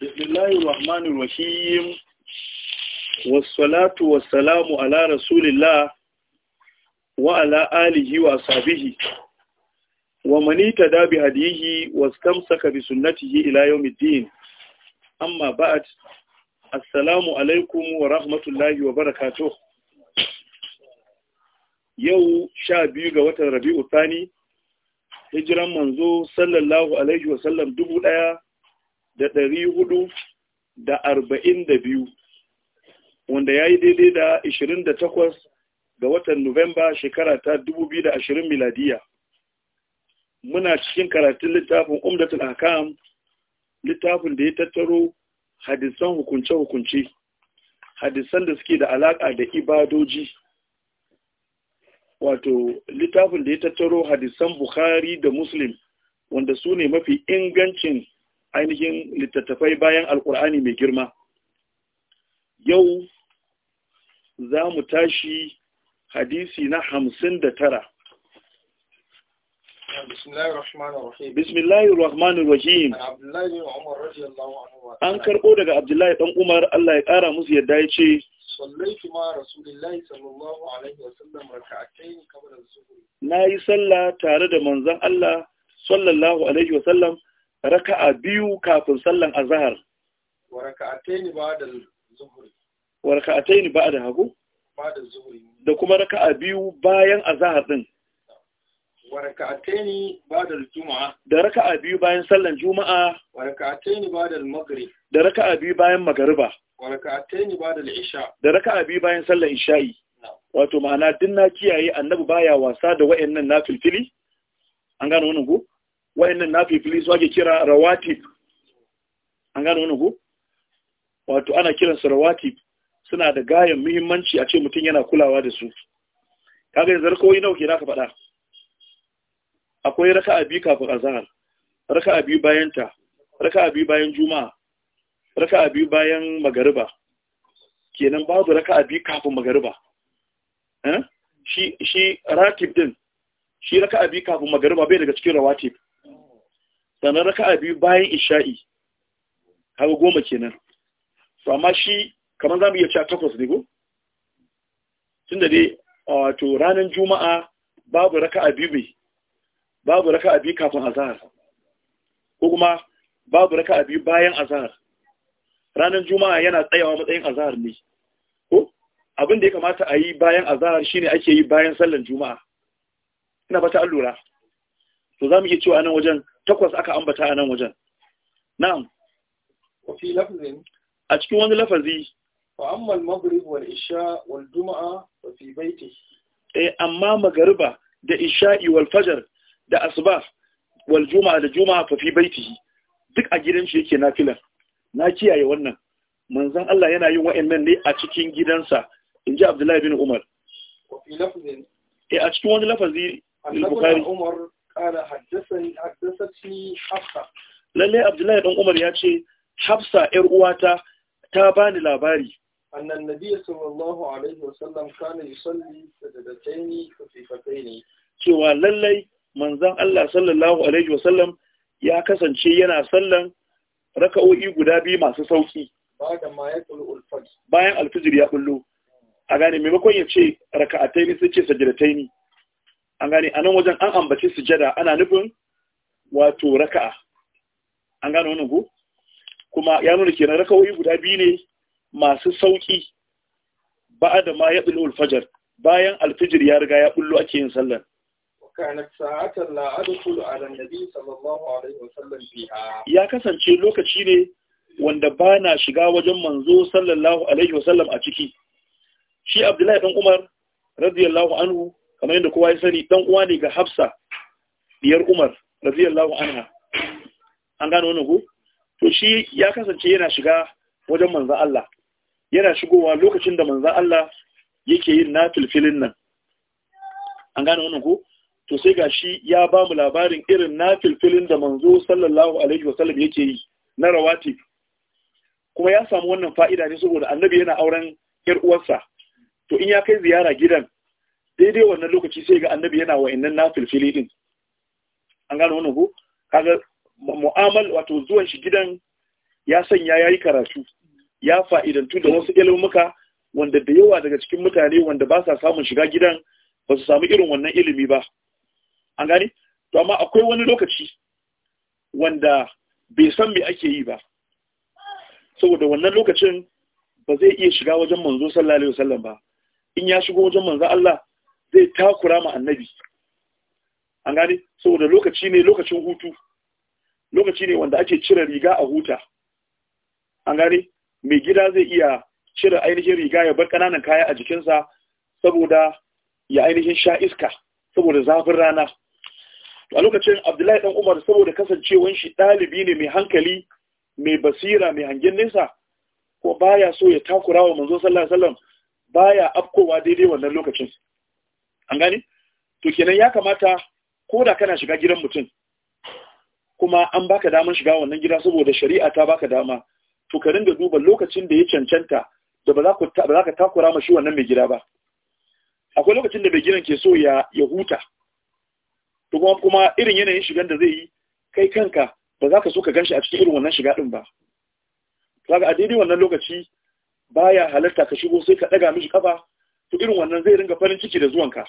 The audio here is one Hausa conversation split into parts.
bismillahir rahmanir rahim wassalatu wassalamu ala rasulillah wa ala alihi wa sahbihi wa man ittaba bi hadihi wastamsaka bi sunnatihi ila yawmiddin amma ba'd assalamu alaikum wa rahmatullahi wa barakatuh yau sha biyu ga watan rabi'u thani hijiran manzo sallallahu alaihi wa sallam dubu ɗaya da ɗari hudu da arba'in da biyu wanda ya yi daidai da ishirin da takwas ga watan Nuwamba shekara ta dubu biyu da ashirin miladiya. Muna cikin karatun littafin Umdatul akam littafin da ya tattaro hadisan hukunce-hukunce, hadisan da suke da alaƙa da ibadoji. Wato, littafin da ya tattaro hadisan Bukhari da Muslim, wanda su ne mafi ingancin ainihin littattafai bayan alkur'ani mai girma yau za mu tashi hadisi na hamsin da tara bismillahir rahmanir rahim an karɓo daga abdullahi ɗan umar allah ya ƙara musu yadda ya ce sallaitu ma sallallahu alaihi wasallam qabla nayi sallah tare da manzon Allah sallallahu alaihi wasallam raka'a biyu kafin sallan azhar wa raka'ataini ba'da zuhri wa raka'ataini ba'da hagu ba'da zuhri da kuma raka'a biyu bayan azhar din wa raka'ataini ba'da juma'a da raka'a biyu bayan sallan juma'a wa raka'ataini ba'da maghrib da raka'a biyu bayan magriba wa raka'ataini ba'da isha da raka'a biyu bayan sallan isha'i wato ma'ana din na kiyaye annabi baya wasa da wa'annan nafilfili an gano wannan ko wayannan fili su ake kira rawatib an gano wani ko wato ana kiransu rawatib suna da gayan muhimmanci a ce mutum yana kulawa da su kaga yanzu rakawoyi nawa kenan ka faɗa akwai raka biyu kafin azahar, raka biyu bayan ta raka'a biyu bayan juma'a raka biyu bayan magariba kenan babu raka biyu kafin magariba eh? shi ratib din shi raka biyu kafin magariba bai daga cikin rawatib sannan a biyu bayan isha'i haka goma kenan to amma shi kamar za mu iya cewa takwas ne ko tunda dai wato ranar juma'a babu a biyu babu babu a biyu kafin azahar ko kuma babu a biyu bayan azahar ranar juma'a yana tsayawa matsayin azahar ne ko abin da ya kamata a yi bayan shi shine ake yi bayan sallar juma'a ina ba ta allura to za mu iya cewa nan wajen takwas aka ambata a nan wajen na'am wafi lafazin a cikin wani lafazi fa amma al-maghrib wal isha wal juma'a fa fi baiti eh amma magariba da isha'i wal fajr da asuba wal juma'a da juma'a fa fi baitihi duk a gidan shi yake nafila na kiyaye wannan Manzan Allah yana yin nan ne a cikin gidansa in ji Abdullahi bin Umar wafi lafazin eh a cikin wani lafazi al Umar قال حدثني حدثتني حفصة للي عبد الله بن عمر ياتي حفصة ار uwata ta bani labari أن النبي صلى الله عليه وسلم كان يصلي سجدتين خفيفتين cewa lallai manzon Allah sallallahu alaihi wasallam ya kasance yana sallan raka'o'i guda biyu masu sauki bayan alfijir ya bullo a gane maimakon ya ce raka'atai ne suke ce sajadatai ne an gane anan wajen an ambaci sujada ana nufin wato raka'a an gane wannan ku? kuma ya nuna kenan raka'o'i guda biyu ne masu sauki ba'a da ma ya bulul alfajar bayan alfijir ya riga ya bullo ake yin sallar ya kasance lokaci ne wanda ba na shiga wajen manzo sallallahu alaihi wasallam a ciki shi abdullahi dan umar radiyallahu anhu kamar yadda kowa ya sani dan uwa ne ga Hafsa biyar Umar radiyallahu anha an gano wannan ko to shi ya kasance yana shiga wajen manzo Allah yana shigowa lokacin da manzo Allah yake yin nafil filin nan an gano wannan ko to sai gashi ya ba mu labarin irin nafil filin da manzo sallallahu alaihi wasallam yake yi na rawatib kuma ya samu wannan fa'ida ne saboda annabi yana auren ‘yar uwarsa, to in ya kai ziyara gidan daidai wannan lokaci sai ga annabi yana wa'annan nafilfili din an gano wannan ko kaga mu'amal wato zuwan shi gidan ya sanya ya yi karatu ya fa'idantu da wasu ilimuka wanda da yawa daga cikin mutane wanda ba sa samun shiga gidan ba su samu irin wannan ilimi ba an gani to amma akwai wani lokaci wanda bai san me ake yi ba saboda wannan lokacin ba zai iya shiga wajen manzo sallallahu alaihi wasallam ba in ya shigo wajen manzo Allah zai takura ma annabi an gane saboda lokaci ne lokacin hutu lokaci ne wanda ake cire riga a huta an gane mai gida zai iya cire ainihin riga ya bar ƙananan kaya a jikinsa saboda ya ainihin sha iska saboda zafin rana a lokacin abdullahi dan umar saboda kasancewan shi ɗalibi ne mai hankali mai basira mai hangen nesa ko baya so ya takura wa manzo sallallahu alaihi wasallam baya afkowa daidai wannan lokacin an gane to kenan ya kamata ko da kana shiga gidan mutum kuma an baka damar shiga wannan gida saboda shari'a ta baka dama to ka ringa duba lokacin da ya cancanta da ba za ka takura mashi wannan mai gida ba akwai lokacin da mai gidan ke so ya huta to kuma kuma irin yanayin shigan da zai yi kai kanka ba za ka so ka ganshi a cikin irin wannan shiga din ba kaga a daidai wannan lokaci baya halarta ka shigo sai ka ɗaga mishi kafa to irin wannan zai ringa farin ciki da zuwanka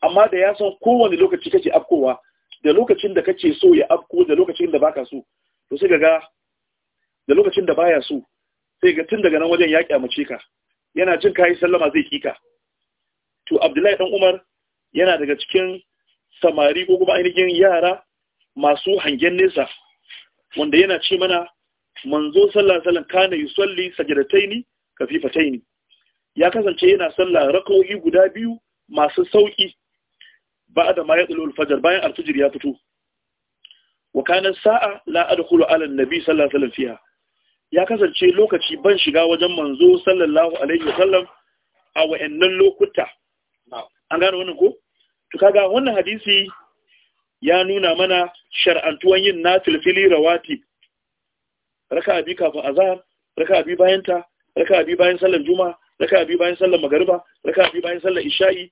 amma da ya san kowane lokaci kake afkowa da lokacin da kake so ya afko da lokacin da baka so to sai ga da lokacin da baya so sai ga tun daga nan wajen ya kyamace ka yana jin kai sallama zai kika to Abdullahi dan Umar yana daga cikin samari ko kuma ainihin yara masu hangen nesa wanda yana ce mana manzo sallallahu alaihi wasallam kana yusalli sajdataini kafifataini ya kasance yana sallah rakawoyi guda biyu masu sauki ba da ma ya fajar bayan alfijir ya fito wa kanan sa'a la adkhulu ala nabi sallallahu alaihi fiha ya kasance lokaci ban shiga wajen manzo sallallahu alaihi wasallam a wayannan lokuta an gane wannan ko to kaga wannan hadisi ya nuna mana shar'antuwan yin nafil fili rawatib raka'a bi kafin azhar raka'a bi bayan ta raka'a bi bayan sallar juma'a raka'a biyu bayan sallar magariba raka'a biyu bayan sallar isha'i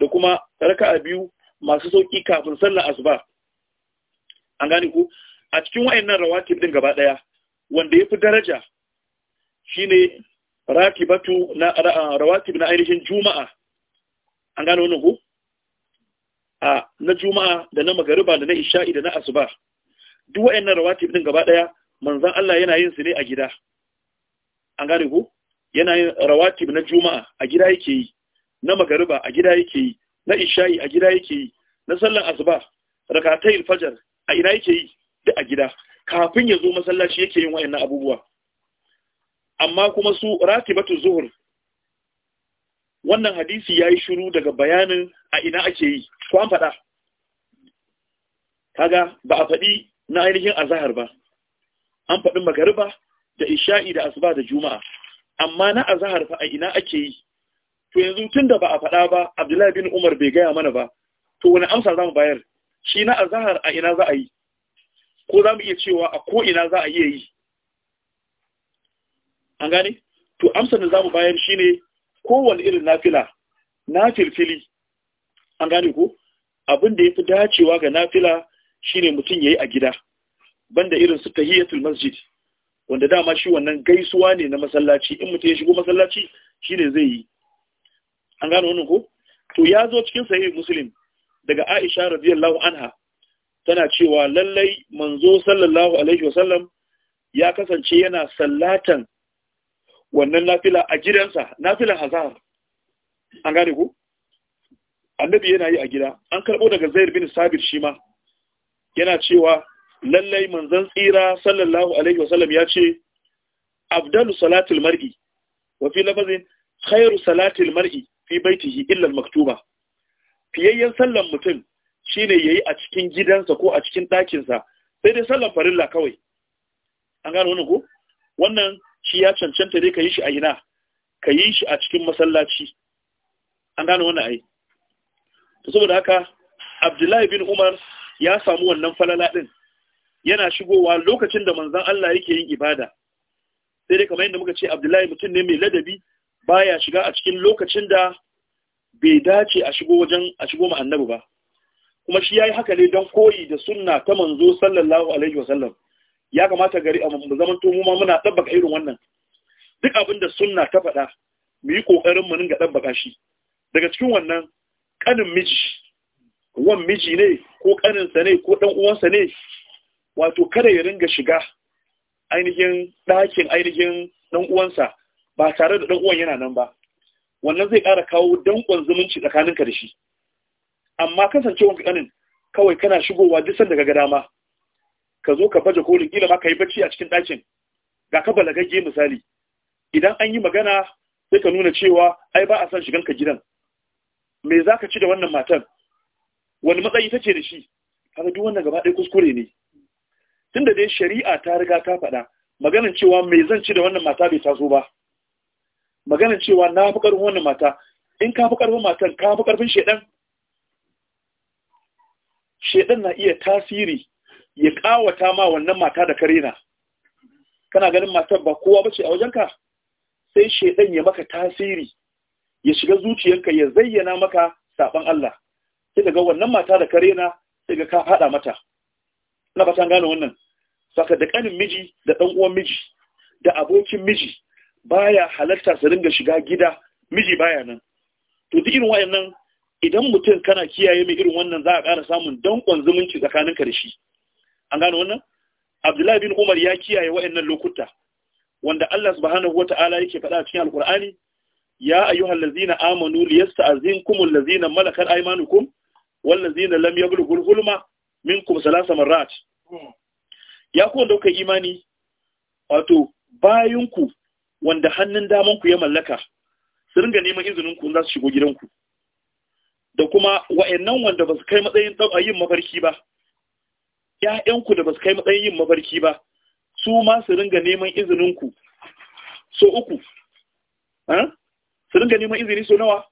da kuma raka'a biyu masu sauki kafin sallar asuba an gane ku a cikin wayannan rawatib din gaba daya wanda yafi daraja shine rakibatu na rawatib na ainihin juma'a an gane wannan ku a na juma'a da na magariba da na isha'i da na asuba duk wayannan rawatib din gaba daya manzon Allah yana yin su ne a gida an gane ku yana yin rawatib na juma'a a gida yake yi na magariba a gida yake yi na isha'i a gida yake yi na sallar asuba rakatai fajar a ina yake yi duk a gida kafin ya zo masallaci yake yin wayannan abubuwa amma kuma su ratibatu zuhur wannan hadisi yayi shiru daga bayanin a ina ake yi ko an faɗa kaga ba a faɗi na ainihin azahar ba an faɗi magariba da isha'i da asuba da juma'a amma na azahar fa a ina ake yi to yanzu tunda ba a faɗa ba Abdullahi bin Umar bai gaya mana ba to wani amsa zamu bayar shi na azhar a ina za a yi ko zamu iya cewa a ko ina za a iya yi an gane to amsar da zamu bayar shine kowanne irin nafila fili-fili. an gane ko abin da yafi dacewa ga nafila shine mutum yayi a gida banda irin su tahiyatul masjid wanda dama shi wannan gaisuwa ne na masallaci in mutum ya shigo masallaci shine zai yi an gano wannan ko to ya zo cikin sahih muslim daga Aisha radiyallahu anha tana cewa lallai manzo sallallahu alaihi wasallam ya kasance yana sallatan wannan nafila a gidansa nafilan hazar an gane ku annabi yana yi a gida an karbo daga zair bin sabir shi ma yana cewa lallai manzon tsira sallallahu alaihi wasallam ya ce afdalu salatul mar'i wa fi lafazin khairu salatul mar'i fi baitihi illa maktuba fiyayyen sallan mutum shine yayi a cikin gidansa ko a cikin ɗakin sa sai dai sallan farilla kawai an gano wannan ko wannan shi ya cancanta dai kayi shi a ina kayi shi a cikin masallaci an gano wannan ai to saboda haka Abdullahi bin Umar ya samu wannan falala din yana shigowa lokacin da manzan Allah yake yin ibada sai dai kamar yadda muka ce Abdullahi mutum ne mai ladabi baya shiga a cikin lokacin da bai dace a shigo wajen a shigo ma annabi ba kuma shi yayi haka ne don koyi da sunna ta manzo sallallahu alaihi wasallam ya kamata gari a mu zaman to ma muna tabbaka irin wannan duk abin da sunna ta faɗa mu yi kokarin mu ninga tabbaka shi daga cikin wannan kanin miji wan miji ne ko kaninsa ne ko dan uwansa ne wato kada ya ringa shiga ainihin ɗakin ainihin ɗan uwansa ba tare da ɗan uwan yana nan ba wannan zai ƙara kawo danƙon zumunci tsakanin ka da shi amma kasancewan kanin kawai kana shigowa duk sanda ga dama ka zo ka baje kolin kila ma ka yi bacci a cikin ɗakin ga ka balagagge misali idan an yi magana sai ka nuna cewa ai ba a son ka gidan me za ka ci da wannan matan wani matsayi ta ce da shi kaga duk wannan gaba ɗaya kuskure ne tunda dai shari'a ta riga ta faɗa maganin cewa mai zan ci da wannan mata bai taso ba maganin cewa na fi ƙarfin wannan mata in ka fi ƙarfin matan ka fi ƙarfin shaidan? Shaidan na iya tasiri ya ƙawata ma wannan mata da karena kana ganin matan ba kowa bace a wajenka sai shaidan ya maka tasiri ya shiga zuciyarka ya zayyana maka saban Allah sai ga wannan mata da karena sai ga ka faɗa mata ina fatan gane wannan saka da kanin miji da dan uwan miji da abokin miji baya halarta su ringa shiga gida miji baya nan to duk irin wayannan idan mutum kana kiyaye mai irin wannan za a ƙara samun danƙon zumunci tsakanin da shi an gano wannan abdullahi bin umar ya kiyaye wayannan lokuta wanda Allah subhanahu wata'ala yake faɗa cikin alkur'ani ya ayyuhal ladzina amanu liyasta'zinkum ladzina malakat aymanukum wal ladzina lam yablughul hulma minkum salasa ya kuwa da imani wato bayanku wanda hannun damanku ya mallaka su ringa neman izininku za su shigo gidanku da kuma wa'annan wanda ba su kai matsayin yin mafarki ba ‘ya'yanku da ba su kai matsayin yin mafarki ba su ma su ringa neman izininku so uku su ringa neman izini so nawa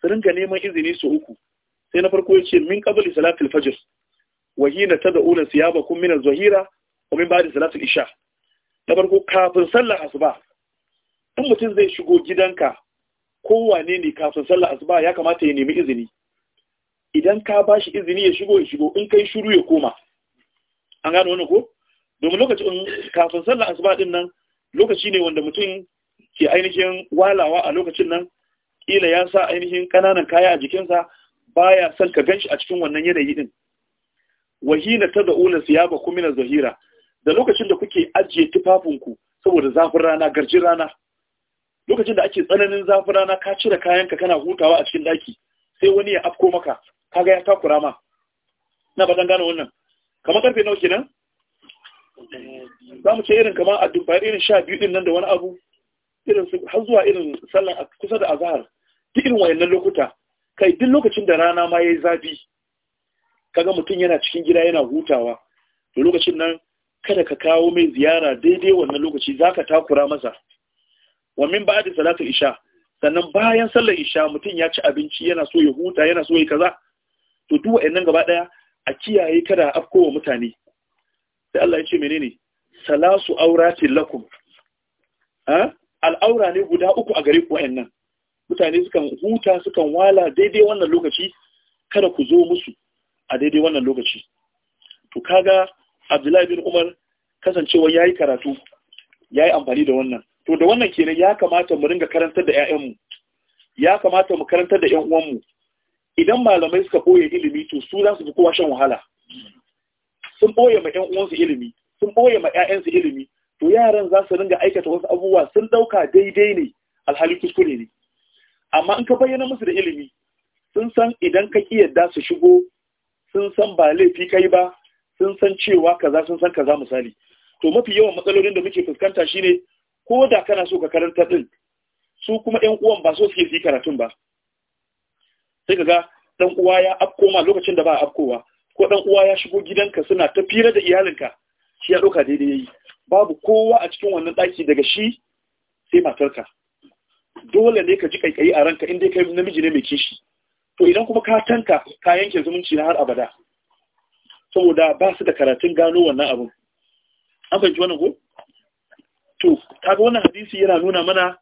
su ringa neman izini so uku sai na farko ya ce min ƙabali salatul fajr wahina ta da'una siyabakum min az-zahira wa bada ba'di isha na farko kafin sallar asuba in mutum zai shigo gidanka kowane ne kafin sallar asuba ya kamata ya nemi izini idan ka ba shi izini ya shigo ya shigo in kai shiru ya koma an gano wani ko domin lokacin kafin sallar asuba din nan lokaci ne wanda mutum ke ainihin walawa a lokacin nan kila ya sa ainihin kananan kaya a jikinsa baya son ka ganshi a cikin wannan yanayi din wahina tad'una siyaba kumina zahira da lokacin da kuke ajiye tufafinku saboda zafin rana garjin rana lokacin da ake tsananin zafin rana ka cire kayanka kana hutawa a cikin daki sai wani ya afko maka ga ya takura ma na ba gane wannan kamar karfe nawa kenan za mu ce irin kamar a dubbar irin sha biyu din nan da wani abu irin su har zuwa irin sallan kusa da azahar duk irin wayannan lokuta kai duk lokacin da rana ma yayi zafi kaga mutum yana cikin gida yana hutawa to lokacin nan kada ka kawo mai ziyara daidai wannan lokaci za ka takura masa wa min da salatu isha sannan bayan sallar isha mutum ya ci abinci yana so ya huta yana so ya kaza to duk wa'annan gaba daya a kiyaye kada a afkowa mutane sai Allah ya ce menene salasu auratin lakum ha al'aura ne guda uku a gare ku wa'annan mutane sukan huta sukan wala daidai wannan lokaci kada ku zo musu a daidai wannan lokaci to kaga abdullahi bin umar kasancewa ya yi karatu ya yi amfani da wannan to da wannan kenan ya kamata mu ringa karantar da 'ya'yanmu ya kamata mu karantar da 'yan uwanmu idan malamai suka boye ilimi to su za su fi kowa shan wahala sun boye ma 'yan uwansu ilimi sun boye ma 'ya'yansu ilimi to yaran za su ringa aikata wasu abubuwa sun dauka daidai ne alhali kuskure ne amma in ka bayyana musu da ilimi sun san idan ka ƙi yadda su shigo sun san ba laifi kai ba sun san cewa kaza sun san kaza misali to mafi yawan matsalolin da muke fuskanta shine ko da kana so ka karanta din su kuma ɗan uwan ba so suke karatun ba sai ka ga ɗan uwa ya afko ma lokacin da ba a afkowa ko ɗan uwa ya shigo gidanka suna ta fira da iyalinka shi ya ɗauka daidai yayi babu kowa a cikin wannan ɗaki daga shi sai matarka dole ne ka ji kaikayi a ranka in dai kai namiji ne mai kishi to idan kuma ka tanka ka yanke zumunci na har abada saboda ba su da karatun gano wannan abin an fahimci wannan ko to ga wannan hadisi yana nuna mana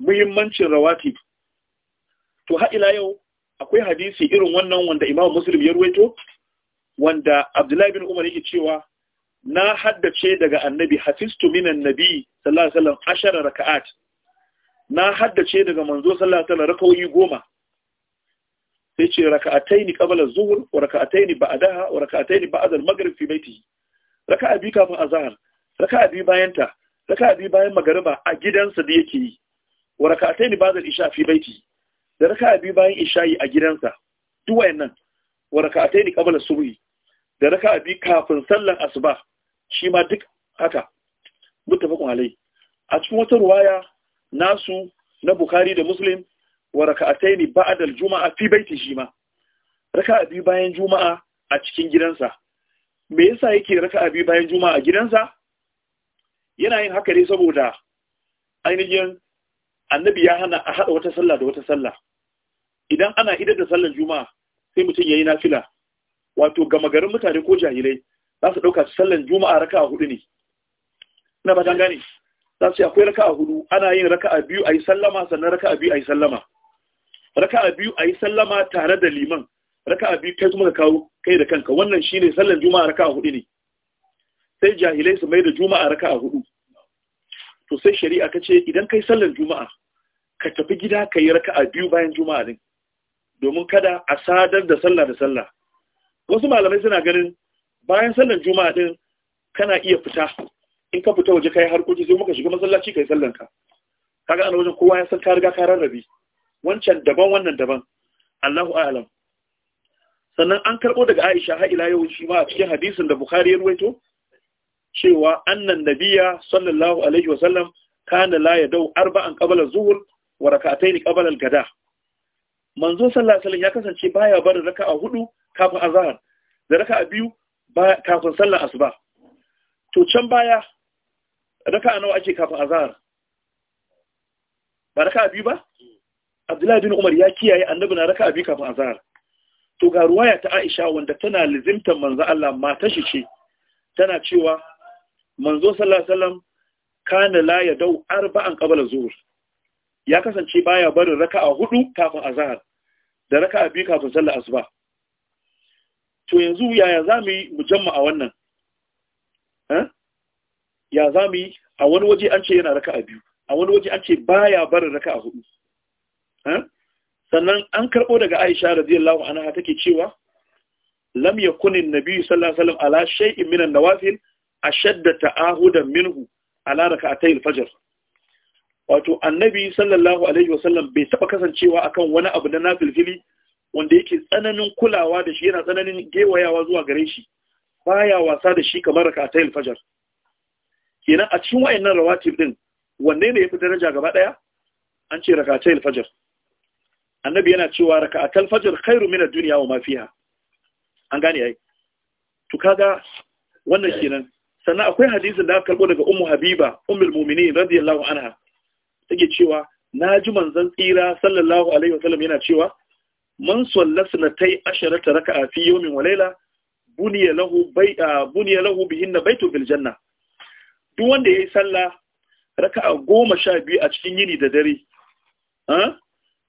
muhimmancin rawati to har ila yau akwai hadisi irin wannan wanda Imam Musulmi ya ruwaito wanda Abdullahi bin Umar yake cewa na haddace daga annabi hafistu minan nabi sallallahu alaihi wasallam ashara raka'at na haddace daga manzo sallallahu alaihi wasallam goma sai ce raka'ataini qabla zuhur, wa raka'ataini ba'daha wa raka'ataini ba'da al-maghrib fi baitihi raka'a bi kafin azhar raka'a bi bayan ta raka'a bi bayan magriba a gidansa da yake yi wa raka'ataini ba'da al-isha fi da raka'a bi bayan isha'i a gidansa duk wayannan wa raka'ataini qabla subhi da raka'a bi kafin sallar asuba shi ma duk haka muttafaqun alai a cikin wata ruwaya nasu na bukhari da muslim wa raka'ataini ba'da al-juma'a fi baiti ma raka'a bi bayan juma'a a cikin gidansa me yasa yake raka'a bi bayan juma'a a gidansa yana yin haka ne saboda ainihin annabi ya hana a haɗa wata sallah da wata sallah idan ana idar da sallar juma'a sai mutum ya yi nafila wato gama garin mutane ko jahilai za su dauka sallar juma'a raka a hudu ne ina ba gane za su akwai raka a hudu ana yin raka a biyu a yi sallama sannan raka a biyu a yi sallama raka'a biyu a yi sallama tare da liman raka'a biyu kai kuma ka kawo kai da kanka wannan shi ne sallan juma'a a hudu ne sai jahilai su mai da juma'a raka'a hudu to sai shari'a ka ce idan kai sallan juma'a ka tafi gida ka yi raka'a biyu bayan juma'a din domin kada a sadar da sallah da sallah wasu malamai suna ganin bayan sallan juma'a din kana iya fita in ka fita waje kai harkoki sai muka shiga masallaci kai sallan ka kaga ana wajen kowa ya san ka riga ka rarrabe wancan daban wannan daban Allahu a'lam sannan an karbo daga Aisha har ila yau shi ma a cikin hadisin da Bukhari ya ruwaito cewa annan nabiyya sallallahu alaihi wasallam kana la yadau arba'an qabla zuhur wa rak'atayn qabla al-gada manzo sallallahu alaihi wasallam ya kasance baya barin raka'a hudu kafin azhar da raka'a biyu kafin sallar asuba to can baya raka'a nawa ake kafin azhar ba raka'a biyu ba abdullahi bin umar ya kiyaye annabi na raka bi kafin azhar to ga ruwaya ta aisha wanda tana lizimta manzo Allah mata shi ce tana cewa manzo sallallahu alaihi wasallam kana la dau arba'an qabla zuhur. ya kasance baya barin raka'a hudu kafin azhar da raka'a bi kafin sallar asuba to yanzu yaya zamu yi mujamma a wannan eh? ya zamu yi a wani waje an ce yana raka'a biyu a wani waje an ce baya barin raka'a hudu sannan an karɓo daga aisha radiyallahu anha take cewa lam yakunin nabi sallallahu alaihi wasallam ala shay'in minan nawafil ashadda ta'ahudan minhu ala rak'atay al-fajr wato annabi sallallahu alaihi wasallam bai taba kasancewa akan wani abu na nafilfili wanda yake tsananin kulawa da shi yana tsananin gewayawa zuwa gare shi baya wasa da shi kamar rak'atay al-fajr kenan a cikin wayannan rawatib din wanne ne yafi daraja gaba daya an ce rak'atay al-fajr annabi yana cewa raka'atul fajr khairu min ad wa ma fiha an gane ai to kaga wannan kenan sannan akwai hadisin da aka karbo daga ummu habiba ummul mu'minin radiyallahu anha take cewa na ji manzon tsira sallallahu alaihi wasallam yana cewa man sallasna tay asharata raka'a fi yawmin wa layla buniya lahu bayta buniya lahu bihinna baytu fil janna duk wanda yayi sallah raka'a goma sha biyu a cikin yini da dare ah,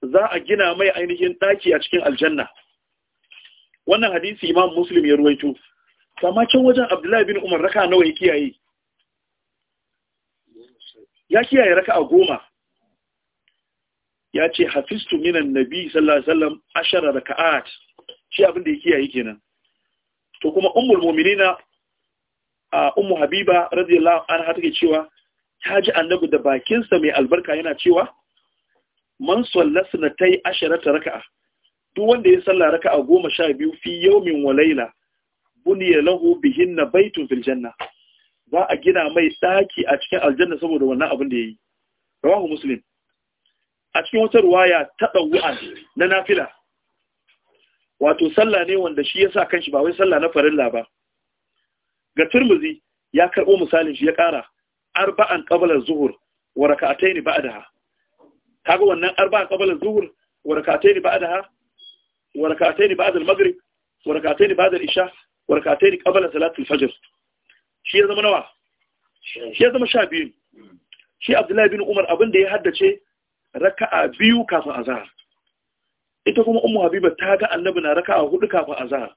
za a gina mai ainihin ɗaki a cikin aljanna wannan hadisi imam muslim ya ruwaito kama can wajen abdullahi bin umar raka nawa ya kiyaye ya kiyaye raka a goma ya ce hafistu minan nabi sallallahu alaihi wasallam ashara raka'at shi abinda ya kiyaye kenan to kuma ummul mu'minina a ummu habiba radiyallahu anha take cewa ta ji annabi da bakinsa mai albarka yana cewa man sallasa na ta yi asharata raka'a duk wanda ya salla raka'a goma sha biyu fi yaumin walaila buniya lahu bihin na baitun fil za a gina mai daki a cikin aljanna saboda wannan abin da ya yayi rawahu muslim a cikin wata ruwaya ta dawu'an na nafila wato sallah ne wanda shi yasa kanshi ba wai sallah na farilla ba ga turmuzi ya karbo misalin shi ya kara arba'an qabla zuhur wa raka'atayn ba'daha kaga wannan arba qabla zuhur wa rak'atayn ba'daha wa rak'atayn ba'da al-maghrib wa rak'atayn ba'da al-isha wa qabala salatul fajr shi ya zama nawa shi ya zama sha biyu shi Abdullahi bin Umar abinda ya haddace raka'a biyu kafin azhar ita kuma ummu habiba ta ga annabi na raka'a hudu kafin azhar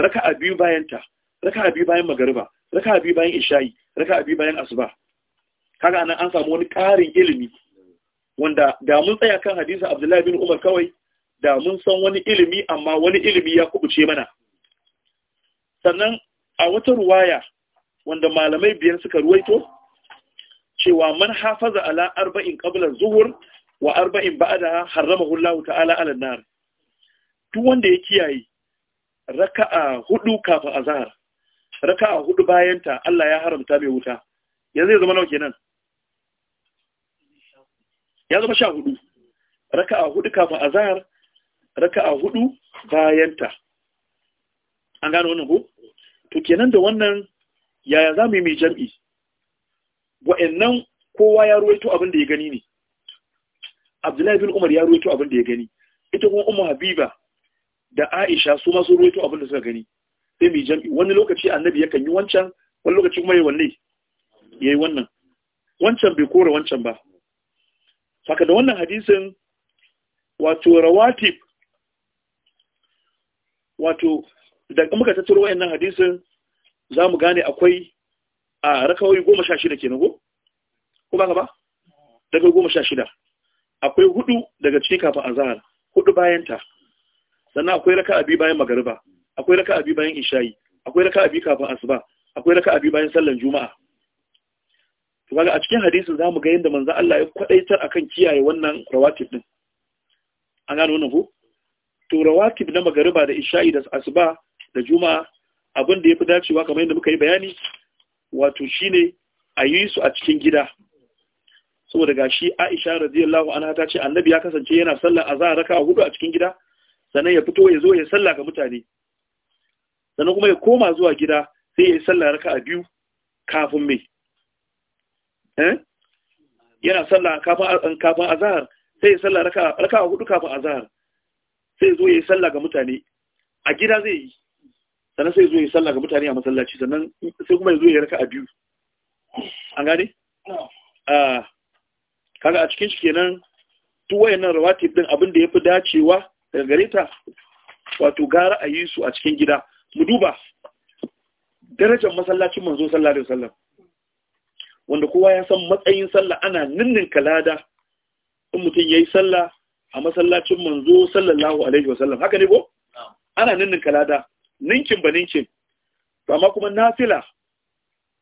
raka'a biyu bayan ta raka'a biyu bayan magariba raka'a biyu bayan isha'i raka'a biyu bayan asuba kaga anan an samu wani ƙarin ilimi wanda da mun tsaya kan hadisin Abdullahi bin Umar kawai da mun san wani ilimi amma wani ilimi ya kubuce mana sannan a wata ruwaya wanda malamai biyan suka ruwaito cewa man hafaza ala arba'in qabla zuhur wa arba'in ba'da haramahu Allah ta'ala ala nar duk wanda ya kiyaye raka'a hudu kafin azhar raka'a hudu bayan ta Allah ya haramta mai wuta yanzu ya zama nawa kenan ya zama sha hudu raka'a hudu kafin azahar raka'a hudu bayanta an gano wannan ko to kenan da wannan yaya za mu yi mai jam'i wa'annan kowa ya ruwaito abin da ya gani ne abdullahi bin umar ya ruwaito abin da ya gani ita kuma umar habiba da aisha su masu ruwaito abin da suka gani sai mai jam'i wani lokaci annabi yakan yi wancan wani lokaci kuma yi wanne ya yi wannan wancan bai kore wancan ba saka da wannan hadisin wato rawatib wato da muka tattaro wayannan hadisin za mu gane akwai a rakawai goma sha shida kenan go, ko ba ba? daga goma sha shida akwai hudu daga cikin kafin azahar hudu bayanta sannan akwai raka abi bayan magariba akwai raka abi bayan ishayi akwai raka abi kafin asuba akwai raka abi bayan sallan juma'a to a cikin hadisin zamu ga yadda manzo Allah ya kwadaitar akan kiyaye wannan rawatib din an gano wannan ko to rawatib na magariba da isha'i da asuba da juma'a abin da yafi dacewa kamar yadda muka yi bayani wato shine a yi su a cikin gida saboda gashi Aisha radiyallahu anha ta ce annabi ya kasance yana sallar azhar raka hudu a cikin gida sannan ya fito ya zo ya salla ga mutane sannan kuma ya koma zuwa gida sai ya yi sallar raka a biyu kafin mai Hmm? yana sallah kafin azahar sai ya sallah raka a hudu kafin azahar sai zo ya yi sallah ga mutane a gida zai yi sannan sai zo ya yi sallah ga mutane a masallaci sannan sai kuma ya zo ya raka a biyu an gane? kaga a cikin shi kenan tuwayen nan rawatib din abin da ya fi dacewa daga gare ta wato gara a yi su a cikin gida mu duba darajar masallacin manzo sallallahu alaihi wasallam wanda kowa ya san matsayin sallah ana ninnin kalada in mutum ya yi sallah a masallacin manzo sallallahu alaihi wasallam haka ne ko ana ninnin kalada ninkin ba ninkin amma kuma nafila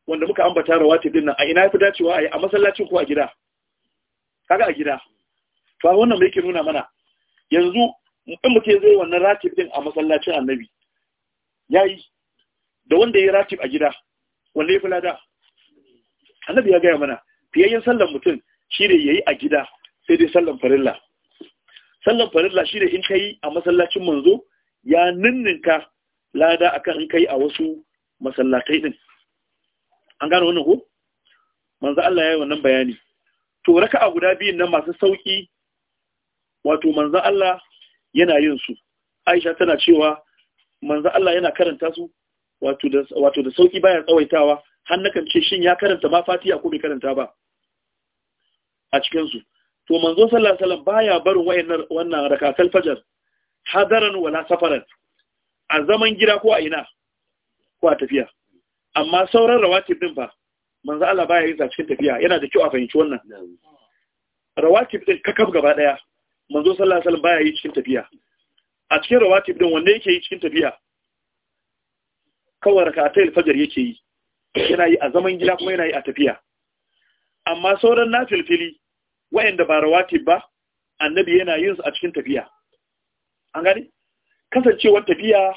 wanda muka ambata rawatib din nan a ina fi dacewa a yi a masallacin ko a gida kaga a gida to wannan me yake nuna mana yanzu in mutum zai wannan ratib din a masallacin annabi yayi da wanda ya ratib a gida wanda ya fi lada annabi ya gaya mana fiyayyen sallan mutum shi ya yayi a gida sai dai sallan farilla sallan farilla ne in kai a masallacin manzo ya ninninka lada akan in kai a wasu masallatai din an gano wannan ko manzo Allah ya yi wannan bayani to a guda biyun nan masu sauki wato manzo Allah yana yin su Aisha tana cewa manzo Allah yana karanta su wato da wato da sauki baya tsawaitawa har nakan ce shin ya karanta ma fatiha ko bai karanta ba a cikin su to manzo sallallahu alaihi wasallam baya barin wayannan wannan rakatul fajr hadaran wala safaran a zaman gida ko a ina ko a tafiya amma sauran rawatib din fa manzo Allah baya yin sa cikin tafiya yana da kyau a fahimci wannan rawatib din kakaf gaba daya manzo sallallahu alaihi wasallam baya yin cikin tafiya a cikin rawatib din wanda yake yi cikin tafiya kawai rakatul fajr yake yi yana yi a zaman gida kuma yana yi a tafiya amma sauran na filfili wa'anda ba rawatib ba annabi yana yin su a cikin tafiya an gani kasancewar tafiya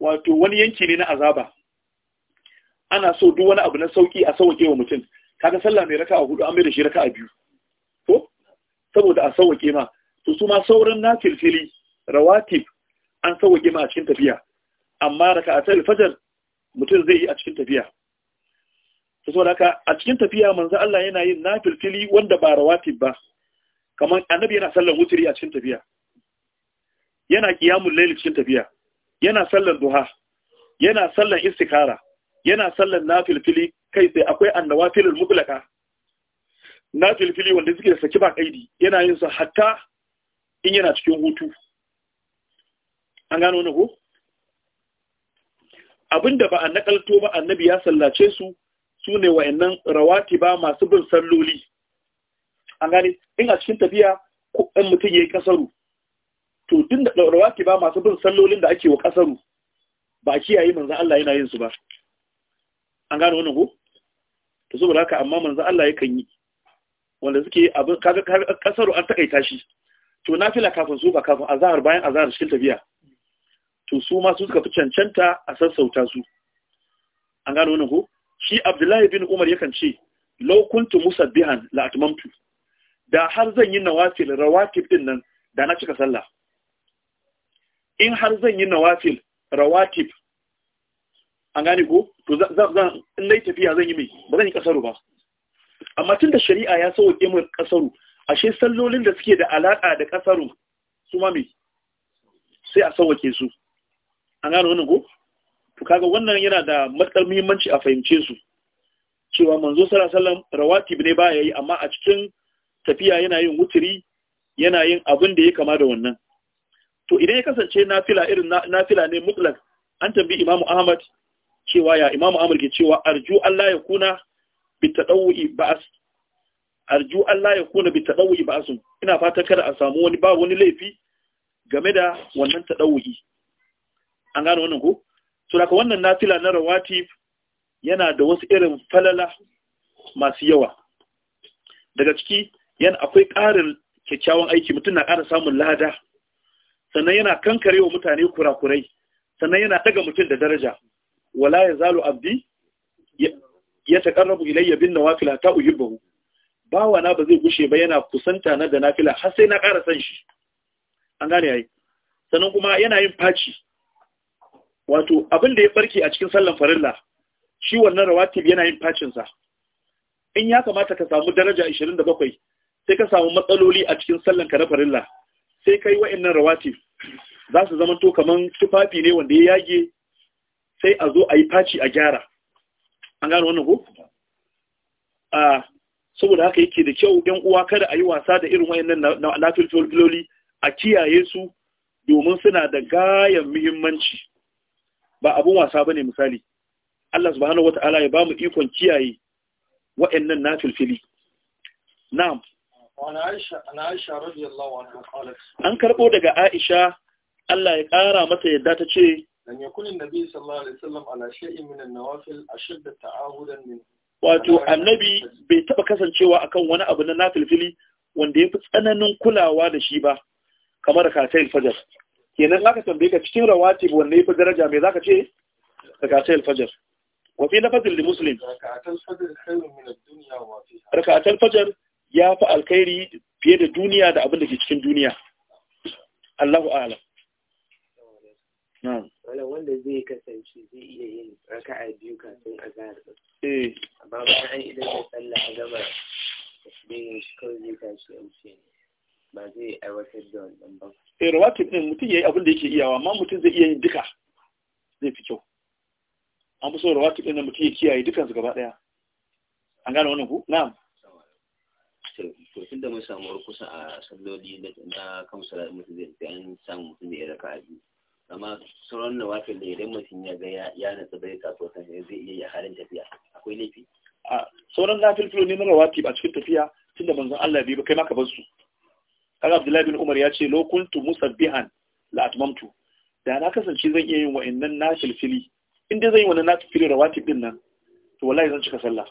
wato wani yanki ne na azaba ana so duk wani abu na sauki a sauke wa mutum kaga sallah mai raka'a hudu an mai da shi raka'a biyu ko saboda a sauke ma to su ma sauran na filfili rawatib an sauke ma a cikin tafiya amma raka'atul fajr mutum zai yi a cikin tafiya to saboda haka a cikin tafiya manzo Allah yana yin nafilfili wanda ba rawatib ba kamar annabi yana sallan wutiri a cikin tafiya yana qiyamul layl cikin tafiya yana sallan duha yana sallan istikara yana sallan nafilfili kai sai akwai annawafilul mutlaka nafilfili wanda suke da saki ba kaidi yana yin su hatta in yana cikin hutu an gano ne ko abinda ba a nakalto ba annabi ya sallace su su ne wa'annan ba masu bin salloli an gane in a cikin tafiya ko ɗan mutum ya yi ƙasaru to din da rawati ba masu bin sallolin da ake wa ƙasaru ba a kiyaye manzan Allah yana yin su ba an gane wannan ko to saboda haka amma manzan Allah yakan yi wanda suke abin kaga ƙasaru an takaita shi to nafila kafin su ba kafin azahar bayan azahar cikin tafiya to su ma su suka fi cancanta a sassauta su an gano wannan ko shi abdullahi bin umar yakan ce law kuntu musabbihan la atmamtu da har zan yi nawafil rawatib din nan da na cika sallah in har zan yi nawafil rawatib an gane ko to zan in dai tafiya zan yi mai ba zan yi kasaru ba amma tunda shari'a ya sauke mu kasaru ashe sallolin da suke da alaka da kasaru su ma mai sai a sauke su an gane wannan ko to kaga wannan yana da matsar muhimmanci a fahimce su cewa manzo sallallahu alaihi wasallam rawatib ne baya yi amma a cikin tafiya yana yin wuturi yana yin abin da ya kama da wannan to idan ya kasance nafila irin nafila ne mutlak an tambi imamu ahmad cewa ya imamu ahmad ke cewa arju Allah ya kuna bi ba'as arju Allah ya kuna bi tadawwi ina fata kada a samu wani ba wani laifi game da wannan tadawwi an gane wannan ko so daga wannan nafila na rawati yana da wasu irin falala masu yawa daga ciki yana akwai ƙarin kyakkyawan aiki mutum na ƙara samun lada sannan yana kankarewa mutane kurakurai sannan yana daga mutum da daraja wala ya zalo abdi ya taƙarrabu ilayya bin wafila ta uhibbahu bawa na ba zai gushe ba yana kusanta na da nafila har sai na ƙara san shi an gane yayi sannan kuma yana yin faci wato abin da ya barke a cikin sallan farilla shi wannan rawatib yana yin facinsa. in ya kamata ka samu daraja 27 sai ka samu matsaloli a cikin sallan ka na farilla sai kai wa'annan rawatib za su zama to kaman tufafi ne wanda ya yage sai a zo a yi faci a gyara an gano wannan ko a saboda haka yake da kyau ɗan uwa kada a yi wasa da irin wa'annan na filoli a kiyaye su domin suna da gayan muhimmanci ba abun wasa ne misali Allah subhanahu wata'ala ya bamu ikon kiyaye wa'annan nafilfili na'am an karbo daga Aisha Allah ya ƙara mata yadda ta ce wato annabi bai taɓa kasancewa akan wani abu na nafilfili wanda yafi tsananin kulawa da shi ba kamar ka sai fajar kenan zaka tambaye ka cikin rawatib wanne yafi daraja me zaka ce daga al alfajar wa fi lafazin li muslim daga al fajar ya fi alkhairi fiye da duniya da abin da ke cikin duniya Allahu a'lam wala wanda zai kasance zai iya yin raka'a biyu kafin azhar eh amma bayan an idan da sallah a gaba da shi kawai zai tashi a ne ba zai aiwatar da wannan ba eh rawatib din mutum yayi abin da yake iyawa amma mutum zai iya yin duka zai fi kyau an fi so ɗin da mutum ya kiyaye dukan su gaba ɗaya. an gane wannan ku na'am to da mun samu kusa a salloli na kan sallar mutum zai an samu mutum da ya raka abi amma sauran na wakil da idan mutum ya ga ya natsa bai taso san zai iya yi a halin tafiya akwai laifi a sauran na filfilo ne na rawatib a cikin tafiya tun da manzon Allah bai ba kai ma ka bar su kaga Abdullahi bin Umar ya ce lo kuntu musabbihan la atmamtu da na kasance zan iya yin wa'annan nafilfili in dai zan yi wannan nafilfili rawatib din nan to wallahi zan cika sallah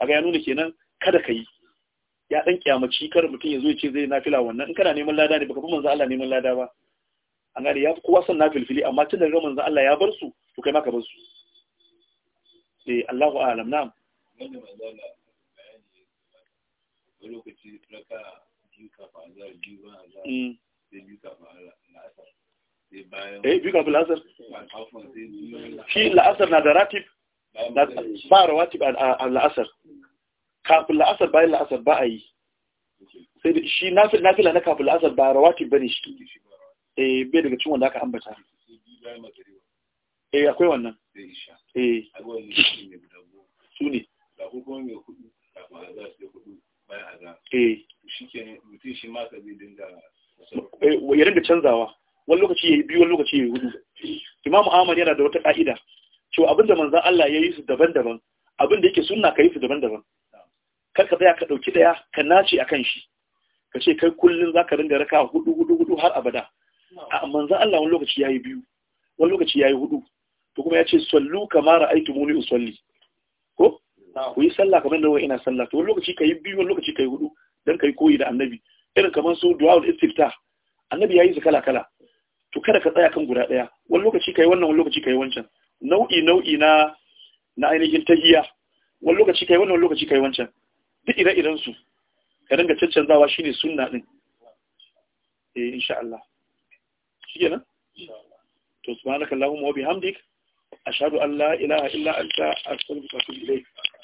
kaga ya nuna kenan kada ka yi ya dan kiyamaci kar mutum ya zo ya ce zai nafila wannan in kana neman lada ne baka fi manzo Allah neman lada ba an gane ya fi kowa son nafilfili amma tun ga manzo Allah ya bar su to kai ma ka bar su eh Allahu a'lam na'am lokaci raka biyu mm. eh, kafin azar la'asar eh biyu kafin la'asar shi la'asar na da ratib ba rawatib a la'asar kafin la'asar bayan la'asar ba a yi sai da shi na nafila na kafin la'asar ba ba ne shi eh bai daga cikin wanda aka ambata eh akwai wannan eh su ne da hukumar mai hudu kafin azar eh mutum shi ma zai dinga eh, ya dinga canzawa wani lokaci ya yi biyu wani lokaci ya yi hudu imam ahmad yana da wata ka'ida cewa abinda manzan Allah ya yi su daban-daban abinda yake sunna ka yi su daban-daban kar ka tsaya ka ɗauki ɗaya ka nace a kan shi ka ce kai kullum za ka dinga raka hudu hudu hudu har abada a manzan Allah wani lokaci ya yi biyu wani lokaci ya yi hudu to kuma ya ce sallu kamar aitu muni usalli ko ku yi sallah kamar da wani ina sallah to wani lokaci ka yi biyu wani lokaci ka yi hudu dan kai koyi da annabi irin kamar su du'aul istifta annabi yayi su kala kala to kada ka tsaya kan guda daya wani lokaci kai wannan wani lokaci kai wancan nau'i nau'i na na ainihin tahiya wani lokaci kai wannan wani lokaci kai wancan duk ire iren su ka dinga caccanzawa shine sunna din eh insha Allah shikenan insha Allah to subhanakallahumma wa bihamdik ashhadu an la ilaha illa anta astaghfiruka wa atubu ilayk